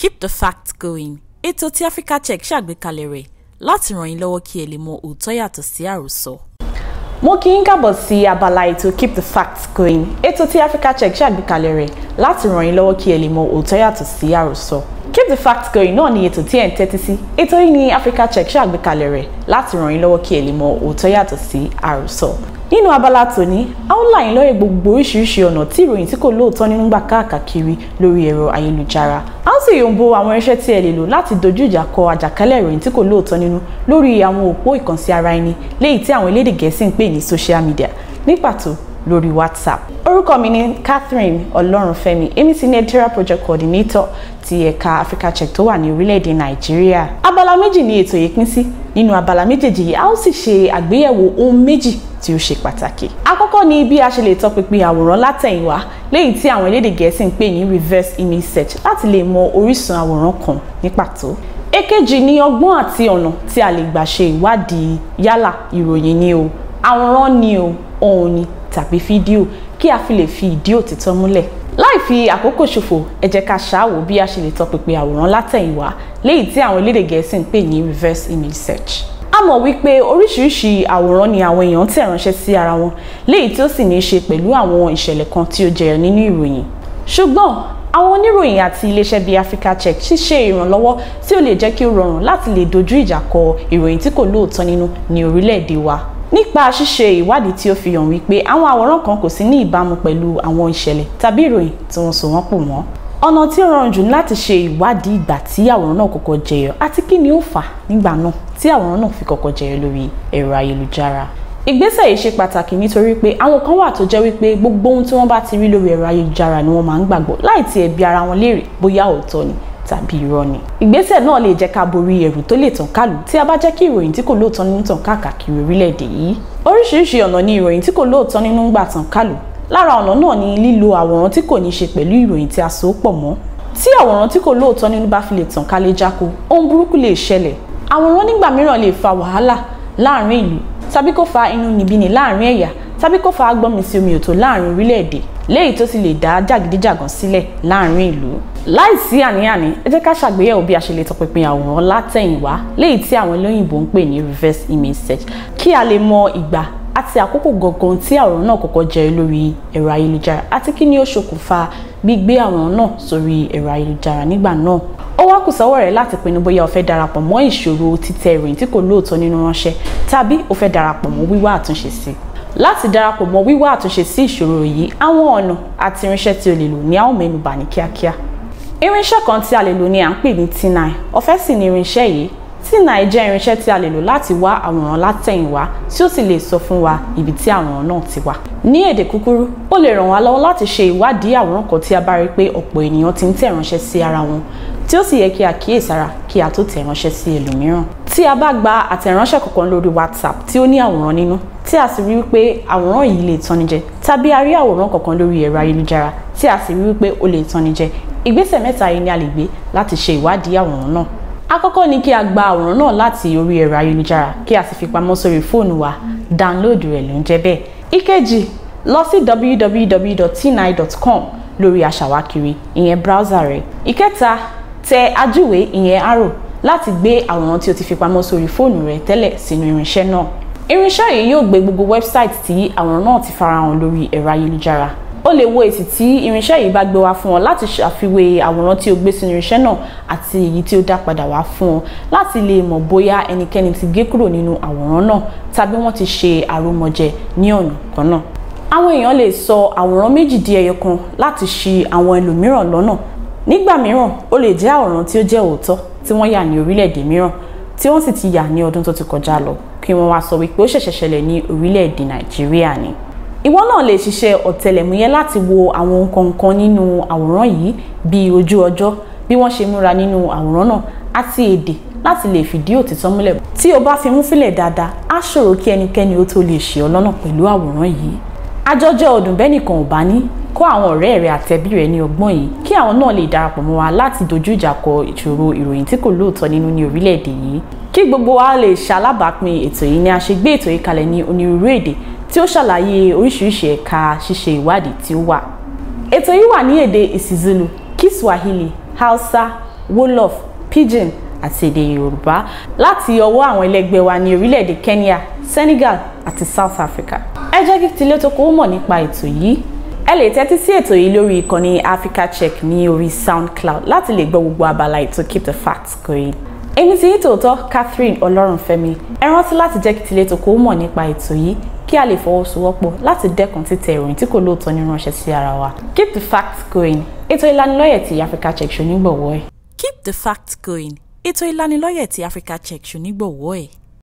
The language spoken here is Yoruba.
keep the facts going ètò tí Africa Check ṣàgbékalẹ̀ rẹ̀ láti ràn yín lọ́wọ́ kí ẹ lè mọ òótọ́ yàtọ̀ sí àròsọ. mo kí yín káàbọ̀ sí abala ètò keep the facts going ètò tí Africa Check ṣàgbékalẹ̀ rẹ̀ láti ràn yín lọ́wọ́ kí ẹ lè mọ òótọ́ yàtọ̀ sí àròsọ. keep the facts going náà ni ètò tí ẹ̀ ń tẹ́tí sí ètò yìí ni Africa Check ṣàgbékalẹ̀ rẹ̀ láti ràn yín lọ́wọ́ kí ẹ lè mọ òótọ́ yàtọ̀ sí àròsọ nínú abala tòní a ó là yín lóye gbogbo oríṣiríṣi ọ̀nà tí ìròyìn tí kò lóòótọ́ nínú gbà káàkiri lórí ẹ̀rọ ayélujára a ó sì yòǹbo àwọn irinṣẹ́ tí ẹ lè lò láti dojú ìjà kọ àjàkálẹ̀ ìròyìn tí kò lóòótọ́ nínú lórí àwọn òpó ìkànsí ara ẹni léyìí tí àwọn elédè gẹ̀ẹ́sì ń pè ní social media ní pàtó lórí WhatsApp. orúkọ mi ni Catherine Ọlọ́runfẹ́mi èmi sì ni editorial project coordinator ti ẹ̀ka Africa Check tó wà ní orílẹ̀-èdè Nàìjíríà. abala méjì ni ètò yìí pín sí nínú abala méjèèjì yìí a ó sì ṣe àgbéyẹ̀wò ohun méjì tí ó ṣe pàtàkì. àkọ́kọ́ ni bí a ṣe lè tọpinpin àwòrán látẹ̀yìnwá léyìí tí àwọn elédè gẹ̀ẹ́sì ń pè ní reverse image search láti lè mọ orísun àwòrán kan ní pàtó èkejì ni ọgbọ́n àti ọ̀nà tí a lè gbà ṣe ìwádìí yálà ìròyìn ni o àwòrán ni o òun ni tàbí fídíò kí a fi lè fi ìdí òtítọ́ múlẹ̀ láì fi àkókò ṣòfò ẹ jẹ́ ká ṣáàwó bí a ṣe lè tọpinpin àwòrán látẹ̀yìnwá léyìí tí àwọn elédè gẹ̀ẹ́sì ń pè ní reverse image search a mọ̀ wípé oríṣiríṣi àwòrán ni àwọn èèyàn tẹ̀ ránṣẹ́ sí ara wọn léyìí tí ó sì ní í ṣe pẹ̀lú àwọn ìṣẹ̀lẹ̀ kan tí ó jẹyọ nínú ìròyìn ṣùgbọ́n àwọn oníròyìn àti iléeṣẹ́ bíi Africa Check ṣíṣe ìrànlọ́wọ́ tí ó lè jẹ́ kí ó rọrùn láti lè dojú ìjà kọ ìròyìn tí kò lóòótọ́ nínú ní orílẹ̀-èdè wa nípa ṣíṣe ìwádìí tí ó fi hàn wípé àwọn àwòrán kan kò sí ní ìbámu pẹ̀lú àwọn ìṣẹ̀lẹ̀ tàbí ìròyìn tí wọ́n so wọ́n pọ̀ mọ́ ọ̀nà tí ó rọrùn jù láti ṣe ìwádìí ìgbà tí àwòrán náà kọ́kọ́ jẹyọ àti kí ni ó fà nígbà náà tí àwòrán náà fi kọ́kọ́ jẹyọ lórí ẹ̀rọ ayélujára ìgbésẹ̀ yìí ṣe pàtàkì nítorí pé àwọn kan wà tó jẹ́ wípé gbogbo ohun tí wọ́n bá ti rí lórí ẹ̀rọ ayélujára ni wọ́n máa ń gbàgbọ́ láì tiẹ̀ bi ara wọn léèrè bóyá òótọ́ ni tàbí irọ́ ni. ìgbésẹ̀ náà lè jẹ́ ká borí ẹ̀rù tó lè tàn kálù tí a bá jẹ́ kí ìròyìn tí kò lóòótọ́ nínú tàn káàkiri orílẹ̀-èdè yìí. oríṣiríṣi ọ̀nà ni ìròyìn tí kò lóòótọ́ nínú ń gbà tàn kálù lára ọ̀nà náà ni lílo àwòrán tí kò ní ṣe pẹ̀lú ìròyìn tí a so pọ̀ mọ́ tí àwòrán tí kò lóòótọ́ nínú bá fi lè tàn kálẹ̀ jáko ohun burúkú lè ṣẹlẹ̀ àwòrán nígbà mìíràn fa wàhálà láàrin ìlú tàbí kó fa inú nìbíni láàrin ẹ̀yà tàbí kó fa agbọ́nmi sí omi òtó láàrin orílẹ̀-èdè léyìí tó sì lè dá jàgídíjàgan sílẹ̀ láàrin ìlú láìsí àní-àní ẹ jẹ́ ká ṣàgbéyẹ̀wò bí a ṣe lè tọpinpin àwòrán látẹ̀yìnwá léyìí tí àwọn olóyìnbó ń pè ní reverse image search kí a lè mọ ìgbà àti àkókò gangan tí àwòrán náà kọ́kọ́ jẹ́ lórí ẹ̀rọ ayélujára àti kí ni ó ṣokùnfà gbígbé àwòrán náà sórí ẹ̀rọ ayélujára nígbà náà ó wá kù sọ́wọ́ rẹ̀ láti pinnu bóyá o fẹ́ darapọ̀ mọ́ ìṣòro títẹ̀ ìròyìn tí kò lóòótọ́ nínú ránṣẹ́ tàbí o fẹ́ darapọ̀ mọ́ wíwá àtúnṣe sí i láti darapọ̀ mọ́ wíwá àtúnṣe sí ìṣòro yìí àwọn ọ̀nà àti irinṣẹ́ tí o lè lò ní àwọn mẹ́nubà ní kíákíá irinṣẹ́ kan tí a lè lò ni à ń pè ní T9 ọ̀fẹ́ sì ni irinṣẹ́ yìí T9 jẹ́ irinṣẹ́ tí a lè lò láti wá àwòrán látẹ̀yìnwá tí ó sì lè sọ fún wa ibi tí àwòrán náà ti wà. ní èdè kúkúrú ó lè ràn wá lọ́wọ́ láti ṣe ìwádìí àwòrán kan tí a bá rí pé ọ̀pọ̀ ènìyàn ti ń tẹ̀ ránṣẹ́ sí ara wọn tí ó sì yẹ kí a kíyèsára kí a tó tẹ̀ ránṣẹ́ sí ẹlòmíràn. tí a bá gba àtẹ̀ránṣẹ́ kankan lórí WhatsApp tí ó ní àwòrán nínú tí a sì rí wípé àwòrán yìí lè tanijẹ tàbí a rí àwòrán kankan lórí ẹ̀rọ ayélujára tí a sì rí wípé ó lè tanijẹ ìgbésẹ̀ mẹ́ta yìí ni a lè gbé láti ṣe ìwádìí àwòrán náà àkọ́kọ́ ni kí a gba àwòrán náà láti orí ẹ̀rọ ayélujára kí a sì fi pamọ́ sórí fóònù wa download rẹ̀ ló ń jẹ́ bẹ́ẹ̀ ìkejì lọ sí www.tinai.com lórí aṣàwákiri ìyẹn browser rẹ ìkẹta tẹ ajúwe ìyẹn arrow láti gbé àwòrán tí o ti fi pamọ́ sórí fóònù rẹ tẹ́lẹ̀ sínú irinṣẹ́ náà irinṣẹ́ yìí yóò gbé gbogbo wẹ́bsáìtì tí àwòrán náà ti farahàn lórí ẹ̀rọ ayélujára o lè wo èsì tí irinṣẹ́ yìí bá gbé wá fún ọ láti ṣàfiwé àwòrán tí o gbé sínú irinṣẹ́ náà àti èyí tí ó dá padà wá fún ọ láti lè mọ̀ bóyá ẹnikẹ́ni ti gé kúrò nínú àwòrán náà tàbí wọ́n ti ṣe àròmọjẹ ní ọ̀nà kan náà. àwọn èèyàn lè sọ àwòrán méjì di ẹyọ kan láti ṣì àwọn ẹlòmíràn lọ́nà nígbà mìíràn ó lè jẹ́ àwòrán tí ó jẹ́ òótọ́ tí wọ́n yà ní orílẹ̀-èdè mìíràn tí wọ́n sì ti yà ní ọdún tó ti kọjá lọ kí wọ́n wá sọ wípé ó ṣẹ̀ṣẹ̀ ní orílẹ̀-èdè Nàìjíríà ni ìwọ náà lè ṣiṣẹ́ ọ̀tẹlẹ̀múyẹ́ láti wo àwọn kọ̀ọ̀kan nínú àwòrán yìí bíi ojú ọjọ́ bí wọ́n ṣe múra nínú àwòrán náà àti èdè láti lè fìdí òtítọ́ múlẹ̀ tí o bá fi mú fílẹ̀ dáadáa á ṣòro kí ẹnikẹ́ni ó tó lè ṣe ọ lọ́nà pẹ̀lú àwòrán yìí àjọjọ́ ọdún bẹ́nìkan ò bá ní kó àwọn ọ̀rẹ́ rẹ àtẹ̀bí rẹ ní ọgbọ́n yìí kí àwọn náà lè darapọ̀ mọ́ wa láti dojú ìjà kọ ìṣòro ìròyìn tí kò lóòótọ́ nínú ní orílẹ̀-èdè yìí kí gbogbo wa lè ṣalábàápín ètò yìí ni a ṣe gbé ètò yìí kalẹ̀ ní onírúurú èdè tí ó ṣàlàyé oríṣiríṣi ẹ̀ka ṣíṣe ìwádìí tí ó wà. ètò yìí wà ní èdè ìsìzulu kiswahili hausa wolof pidgin àti èdè yorùbá láti ọwọ́ àwọn ẹlẹgbẹ́ wa ní orílẹ̀-èdè kenya senegal àti south africa. ẹ jẹ́ kí tilé tó kówó mọ̀ nípa ètò yìí ẹ lè tẹ́tí sí ètò yìí lórí ìkànnì africa check ní orí soundcloud láti lè gbọ́ gbogbo abala ètò keep the facts going èmi ti yí tòótọ́ Catherine Ọlọ́runfẹ́mi ẹ rántí láti jẹ́ kí tilé tó kó mọ̀ nípa ètò yìí kí a lè fọwọ́sowọ́pọ̀ láti dẹ́kun títẹ̀ ìròyìn tí kò lóòótọ́ ní ránṣẹ́ sí ara wa. keep the facts going ètò ìlanilọ́yẹ̀ ti Africa Check ṣonígbọ̀wọ́ ẹ̀. keep the facts going ètò ìlanilọ́yẹ̀ ti Africa Check ṣonígbọ̀wọ́ ẹ̀.